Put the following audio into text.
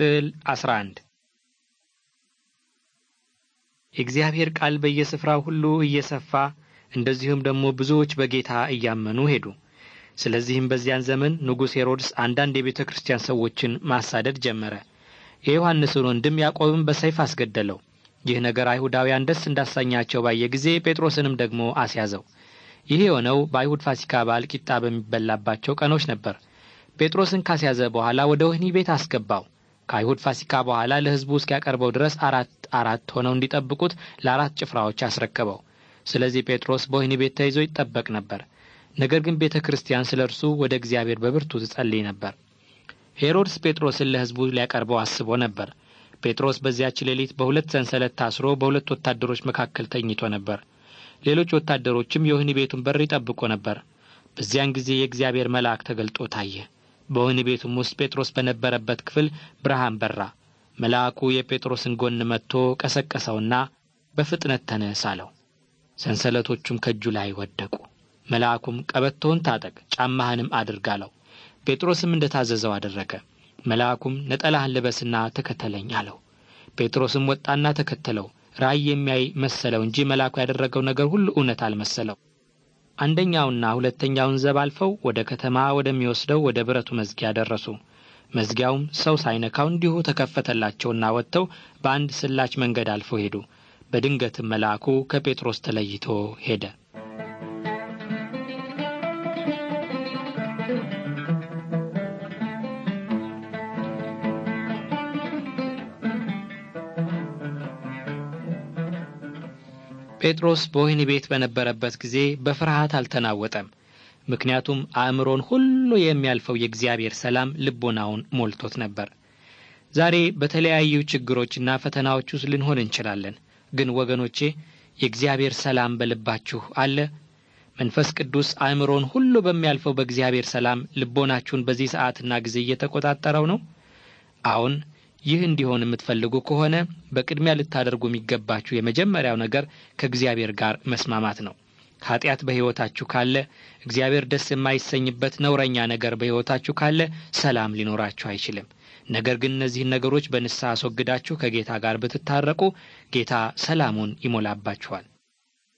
ስዕል 11 የእግዚአብሔር ቃል በየስፍራው ሁሉ እየሰፋ እንደዚሁም ደግሞ ብዙዎች በጌታ እያመኑ ሄዱ። ስለዚህም በዚያን ዘመን ንጉሥ ሄሮድስ አንዳንድ የቤተ ክርስቲያን ሰዎችን ማሳደድ ጀመረ። የዮሐንስን ወንድም ያዕቆብን በሰይፍ አስገደለው። ይህ ነገር አይሁዳውያን ደስ እንዳሰኛቸው ባየ ጊዜ ጴጥሮስንም ደግሞ አስያዘው። ይህ የሆነው በአይሁድ ፋሲካ በዓል ቂጣ በሚበላባቸው ቀኖች ነበር። ጴጥሮስን ካስያዘ በኋላ ወደ ወህኒ ቤት አስገባው። ከአይሁድ ፋሲካ በኋላ ለሕዝቡ እስኪያቀርበው ድረስ አራት አራት ሆነው እንዲጠብቁት ለአራት ጭፍራዎች አስረከበው። ስለዚህ ጴጥሮስ በወህኒ ቤት ተይዞ ይጠበቅ ነበር። ነገር ግን ቤተ ክርስቲያን ስለ እርሱ ወደ እግዚአብሔር በብርቱ ትጸልይ ነበር። ሄሮድስ ጴጥሮስን ለሕዝቡ ሊያቀርበው አስቦ ነበር። ጴጥሮስ በዚያች ሌሊት በሁለት ሰንሰለት ታስሮ በሁለት ወታደሮች መካከል ተኝቶ ነበር። ሌሎች ወታደሮችም የወህኒ ቤቱን በር ይጠብቁ ነበር። በዚያን ጊዜ የእግዚአብሔር መልአክ ተገልጦ ታየ። በወህኒ ቤቱም ውስጥ ጴጥሮስ በነበረበት ክፍል ብርሃን በራ። መልአኩ የጴጥሮስን ጎን መጥቶ ቀሰቀሰውና በፍጥነት ተነስ አለው። ሰንሰለቶቹም ከእጁ ላይ ወደቁ። መልአኩም ቀበቶውን ታጠቅ፣ ጫማህንም አድርግ አለው። ጴጥሮስም እንደ ታዘዘው አደረገ። መልአኩም ነጠላህን ልበስና ተከተለኝ አለው። ጴጥሮስም ወጣና ተከተለው። ራእይ የሚያይ መሰለው እንጂ መልአኩ ያደረገው ነገር ሁሉ እውነት አልመሰለው። አንደኛውና ሁለተኛውን ዘብ አልፈው ወደ ከተማ ወደሚወስደው ወደ ብረቱ መዝጊያ ደረሱ። መዝጊያውም ሰው ሳይነካው እንዲሁ ተከፈተላቸውና ወጥተው በአንድ ስላች መንገድ አልፈው ሄዱ። በድንገትም መልአኩ ከጴጥሮስ ተለይቶ ሄደ። ጴጥሮስ በወህኒ ቤት በነበረበት ጊዜ በፍርሃት አልተናወጠም። ምክንያቱም አእምሮን ሁሉ የሚያልፈው የእግዚአብሔር ሰላም ልቦናውን ሞልቶት ነበር። ዛሬ በተለያዩ ችግሮችና ፈተናዎች ውስጥ ልንሆን እንችላለን። ግን ወገኖቼ የእግዚአብሔር ሰላም በልባችሁ አለ። መንፈስ ቅዱስ አእምሮን ሁሉ በሚያልፈው በእግዚአብሔር ሰላም ልቦናችሁን በዚህ ሰዓትና ጊዜ እየተቆጣጠረው ነው። አሁን ይህ እንዲሆን የምትፈልጉ ከሆነ በቅድሚያ ልታደርጉ የሚገባችሁ የመጀመሪያው ነገር ከእግዚአብሔር ጋር መስማማት ነው። ኃጢአት በሕይወታችሁ ካለ፣ እግዚአብሔር ደስ የማይሰኝበት ነውረኛ ነገር በሕይወታችሁ ካለ ሰላም ሊኖራችሁ አይችልም። ነገር ግን እነዚህን ነገሮች በንስሐ አስወግዳችሁ ከጌታ ጋር ብትታረቁ ጌታ ሰላሙን ይሞላባችኋል።